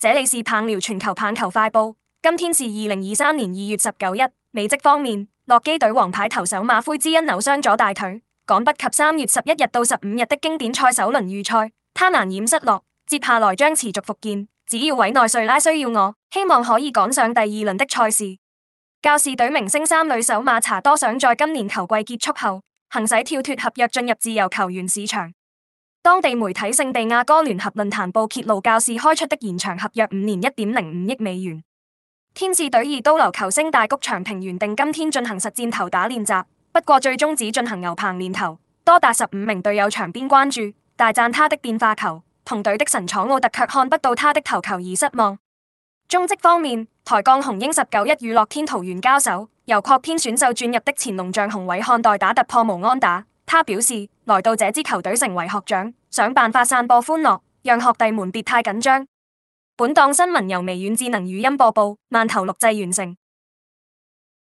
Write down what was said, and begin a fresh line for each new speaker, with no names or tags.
這裡是棒聊全球棒球快報，今天是二零二三年二月十九日。美職方面，洛基隊王牌投手馬奎茲因扭傷左大腿，趕不及三月十一日到十五日的經典賽首輪預賽，他難掩失落。接下來將持續復健，只要委內瑞拉需要我，希望可以趕上第二輪的賽事。教士隊明星三壘手馬查多想在今年球季結束後，行使跳脫合約進入自由球員市場。當地媒體聖地亞哥聯合論壇報揭露，教士開出的延長合約五年一點零五億美元。天使隊二刀流球星大谷翔平原定今天進行實戰投打練習，不過最終只進行牛棚練投，多達十五名隊友場邊關注，大讚他的變化球，同隊的神鱒楚奧特卻看不到他的投球而失望。中職方面，台鋼雄鷹十九一與樂天桃園交手，由擴編選秀轉入的前龍象洪偉漢代打突破無安打。他表示，來到這支球隊成為學長，想辦法散播歡樂，讓學弟們別太緊張。本檔新聞由微軟智能語音播報，慢投錄製完成。